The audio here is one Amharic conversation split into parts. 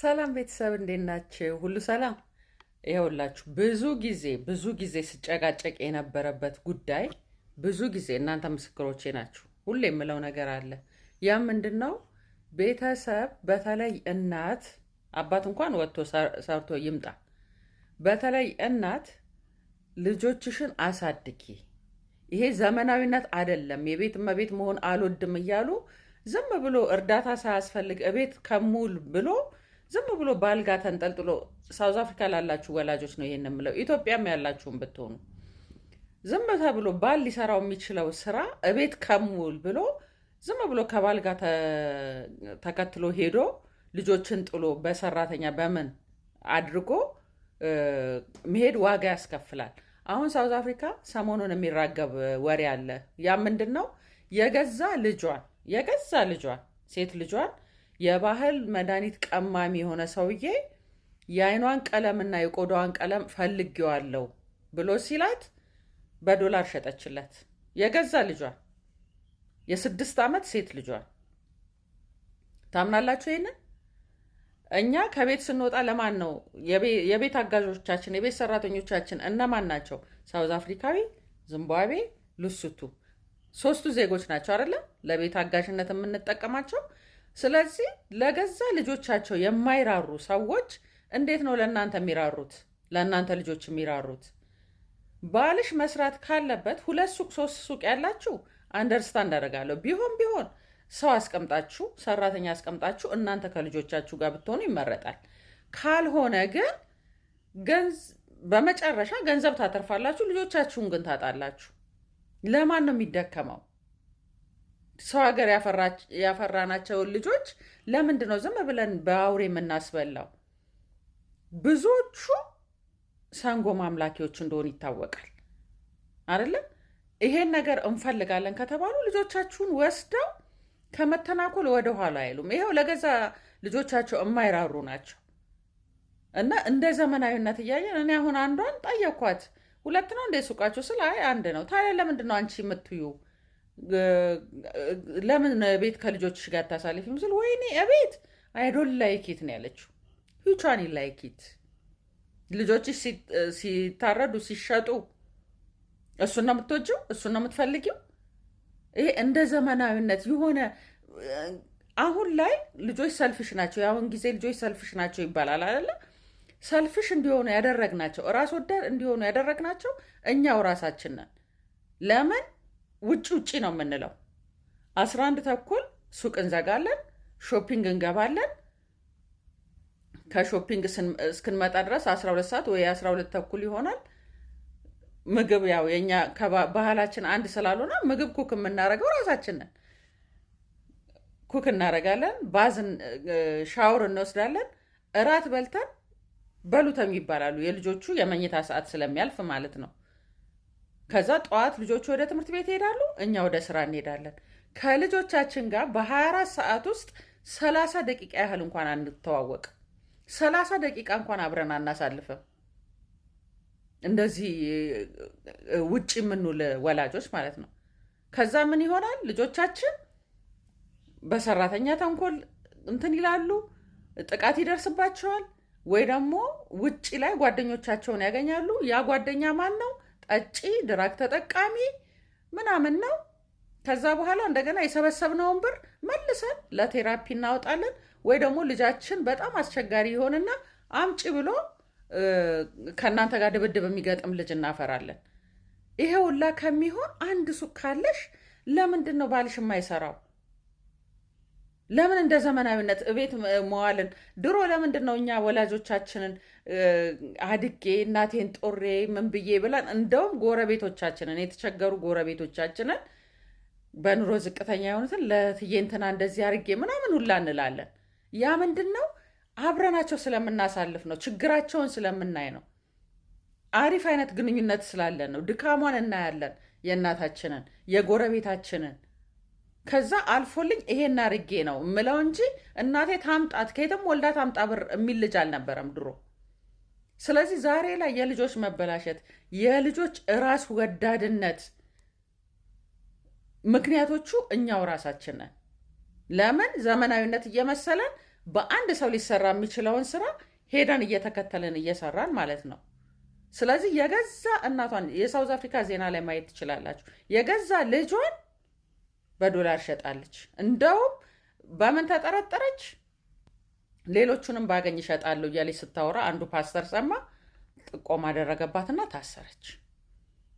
ሰላም ቤተሰብ እንዴት ናችሁ? ሁሉ ሰላም? ይኸውላችሁ ብዙ ጊዜ ብዙ ጊዜ ስጨቃጨቅ የነበረበት ጉዳይ ብዙ ጊዜ እናንተ ምስክሮቼ ናችሁ። ሁሌ የምለው ነገር አለ። ያም ምንድን ነው? ቤተሰብ በተለይ እናት አባት እንኳን ወጥቶ ሰርቶ ይምጣ፣ በተለይ እናት ልጆችሽን አሳድጊ፣ ይሄ ዘመናዊነት አደለም፣ የቤት እመቤት መሆን አልወድም እያሉ ዝም ብሎ እርዳታ ሳያስፈልግ እቤት ከሙል ብሎ ዝም ብሎ ባልጋ ተንጠልጥሎ ሳውዝ አፍሪካ ላላችሁ ወላጆች ነው ይሄን የምለው፣ ኢትዮጵያም ያላችሁም ብትሆኑ ዝም ተብሎ ባል ሊሰራው የሚችለው ስራ እቤት ከሙል ብሎ ዝም ብሎ ከባልጋ ተከትሎ ሄዶ ልጆችን ጥሎ በሰራተኛ በምን አድርጎ መሄድ ዋጋ ያስከፍላል። አሁን ሳውዝ አፍሪካ ሰሞኑን የሚራገብ ወሬ አለ። ያ ምንድን ነው? የገዛ ልጇን የገዛ ልጇን ሴት ልጇን የባህል መድኃኒት ቀማሚ የሆነ ሰውዬ የአይኗን ቀለምና የቆዳዋን ቀለም ፈልጌዋለሁ ብሎ ሲላት በዶላር ሸጠችለት። የገዛ ልጇ የስድስት ዓመት ሴት ልጇን። ታምናላችሁ ይህንን? እኛ ከቤት ስንወጣ ለማን ነው የቤት አጋዦቻችን የቤት ሰራተኞቻችን እነማን ናቸው? ሳውዝ አፍሪካዊ፣ ዝምባብዌ፣ ሉሱቱ ሶስቱ ዜጎች ናቸው አይደለም ለቤት አጋዥነት የምንጠቀማቸው ስለዚህ ለገዛ ልጆቻቸው የማይራሩ ሰዎች እንዴት ነው ለእናንተ የሚራሩት? ለእናንተ ልጆች የሚራሩት? ባልሽ መስራት ካለበት ሁለት ሱቅ ሶስት ሱቅ ያላችሁ አንደርስታንድ አደርጋለሁ። ቢሆን ቢሆን ሰው አስቀምጣችሁ ሰራተኛ አስቀምጣችሁ እናንተ ከልጆቻችሁ ጋር ብትሆኑ ይመረጣል። ካልሆነ ግን በመጨረሻ ገንዘብ ታተርፋላችሁ፣ ልጆቻችሁን ግን ታጣላችሁ። ለማን ነው የሚደከመው? ሰው ሀገር ያፈራናቸውን ልጆች ለምንድን ነው ዝም ብለን በአውሬ የምናስበላው? ብዙዎቹ ሰንጎ ማምላኪዎች እንደሆኑ ይታወቃል አይደለም? ይሄን ነገር እንፈልጋለን ከተባሉ ልጆቻችሁን ወስደው ከመተናኮል ወደኋላ አይሉም። ይኸው ለገዛ ልጆቻቸው የማይራሩ ናቸው። እና እንደ ዘመናዊነት እያየን እኔ አሁን አንዷን ጠየኳት። ሁለት ነው እንደ ሱቃችሁ ስል አይ አንድ ነው። ታዲያ ለምንድን ነው አንቺ የምትዩ ለምን ቤት ከልጆችሽ ጋር ታሳልፊም ስል ወይኔ እቤት አይዶን ላይኪት ነው ያለችው። ሂቿን ላይኪት ልጆችሽ ሲታረዱ ሲሸጡ እሱን ነው የምትወጂው፣ እሱን ነው የምትፈልጊው። ይሄ እንደ ዘመናዊነት የሆነ አሁን ላይ ልጆች ሰልፍሽ ናቸው፣ የአሁን ጊዜ ልጆች ሰልፍሽ ናቸው ይባላል አይደለ? ሰልፍሽ እንዲሆኑ ያደረግናቸው ራስ ወዳድ እንዲሆኑ ያደረግናቸው እኛው ራሳችን ነን። ለምን ውጭ ውጭ ነው የምንለው። አስራ አንድ ተኩል ሱቅ እንዘጋለን፣ ሾፒንግ እንገባለን። ከሾፒንግ እስክንመጣ ድረስ አስራ ሁለት ሰዓት ወይ አስራ ሁለት ተኩል ይሆናል። ምግብ ያው የኛ ባህላችን አንድ ስላልሆነ ምግብ ኩክ የምናደርገው ራሳችን ነን። ኩክ እናደርጋለን፣ ባዝን ሻወር እንወስዳለን። እራት በልተን በሉተም ይባላሉ የልጆቹ የመኝታ ሰዓት ስለሚያልፍ ማለት ነው። ከዛ ጠዋት ልጆቹ ወደ ትምህርት ቤት ይሄዳሉ፣ እኛ ወደ ስራ እንሄዳለን። ከልጆቻችን ጋር በ24 ሰዓት ውስጥ 30 ደቂቃ ያህል እንኳን አንተዋወቅ፣ 30 ደቂቃ እንኳን አብረን አናሳልፍም። እንደዚህ ውጭ የምንውል ወላጆች ማለት ነው። ከዛ ምን ይሆናል? ልጆቻችን በሰራተኛ ተንኮል እንትን ይላሉ፣ ጥቃት ይደርስባቸዋል። ወይ ደግሞ ውጭ ላይ ጓደኞቻቸውን ያገኛሉ። ያ ጓደኛ ማን ነው? ጠጪ፣ ድራግ ተጠቃሚ ምናምን ነው። ከዛ በኋላ እንደገና የሰበሰብነውን ብር መልሰን ለቴራፒ እናወጣለን። ወይ ደግሞ ልጃችን በጣም አስቸጋሪ ይሆንና አምጪ ብሎ ከእናንተ ጋር ድብድብ የሚገጥም ልጅ እናፈራለን። ይሄ ሁላ ከሚሆን አንድ ሱቅ ካለሽ ለምንድን ነው ባልሽ የማይሰራው? ለምን እንደ ዘመናዊነት እቤት መዋልን ድሮ ለምንድን ነው እኛ ወላጆቻችንን አድጌ እናቴን ጦሬ ምን ብዬ ብለን እንደውም ጎረቤቶቻችንን የተቸገሩ ጎረቤቶቻችንን በኑሮ ዝቅተኛ የሆኑትን ለእትዬ እንትና እንደዚህ አድርጌ ምናምን ሁላ እንላለን። ያ ምንድን ነው አብረናቸው ስለምናሳልፍ ነው። ችግራቸውን ስለምናይ ነው። አሪፍ አይነት ግንኙነት ስላለን ነው። ድካሟን እናያለን የእናታችንን የጎረቤታችንን ከዛ አልፎልኝ ይሄን አድርጌ ነው ምለው እንጂ እናቴ ታምጣት ከየትም ወልዳ ታምጣ ብር የሚል ልጅ አልነበረም ድሮ። ስለዚህ ዛሬ ላይ የልጆች መበላሸት፣ የልጆች ራስ ወዳድነት ምክንያቶቹ እኛው ራሳችን ነን። ለምን ዘመናዊነት እየመሰለን በአንድ ሰው ሊሰራ የሚችለውን ስራ ሄደን እየተከተልን እየሰራን ማለት ነው። ስለዚህ የገዛ እናቷን የሳውዝ አፍሪካ ዜና ላይ ማየት ትችላላችሁ። የገዛ ልጇን በዶላር ሸጣለች። እንደውም በምን ተጠረጠረች? ሌሎቹንም ባገኝ ይሸጣለሁ እያለች ስታወራ አንዱ ፓስተር ሰማ፣ ጥቆም አደረገባትና ታሰረች።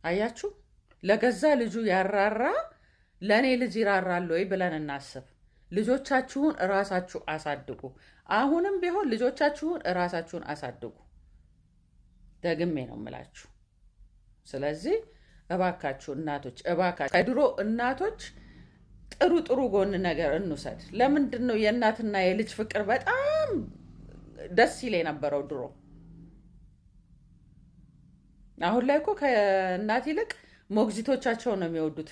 አያችሁ፣ ለገዛ ልጁ ያራራ ለእኔ ልጅ ይራራል ወይ ብለን እናስብ። ልጆቻችሁን እራሳችሁ አሳድጉ። አሁንም ቢሆን ልጆቻችሁን እራሳችሁን አሳድጉ። ደግሜ ነው የምላችሁ። ስለዚህ እባካችሁ እናቶች፣ እባካችሁ ከድሮ እናቶች ጥሩ ጥሩ ጎን ነገር እንውሰድ። ለምንድን ነው የእናትና የልጅ ፍቅር በጣም ደስ ይል የነበረው ድሮ? አሁን ላይ እኮ ከእናት ይልቅ ሞግዚቶቻቸው ነው የሚወዱት።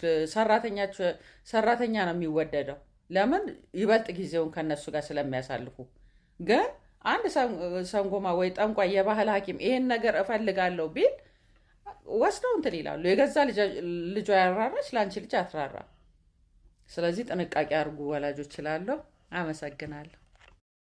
ሰራተኛ ነው የሚወደደው። ለምን? ይበልጥ ጊዜውን ከነሱ ጋር ስለሚያሳልፉ። ግን አንድ ሰንጎማ ወይ ጠንቋ የባህል ሐኪም ይሄን ነገር እፈልጋለሁ ቢል ወስደው እንትን ይላሉ። የገዛ ልጇ ያራራች ለአንቺ ልጅ አትራራ ስለዚህ ጥንቃቄ አድርጉ ወላጆች እላለሁ። አመሰግናለሁ።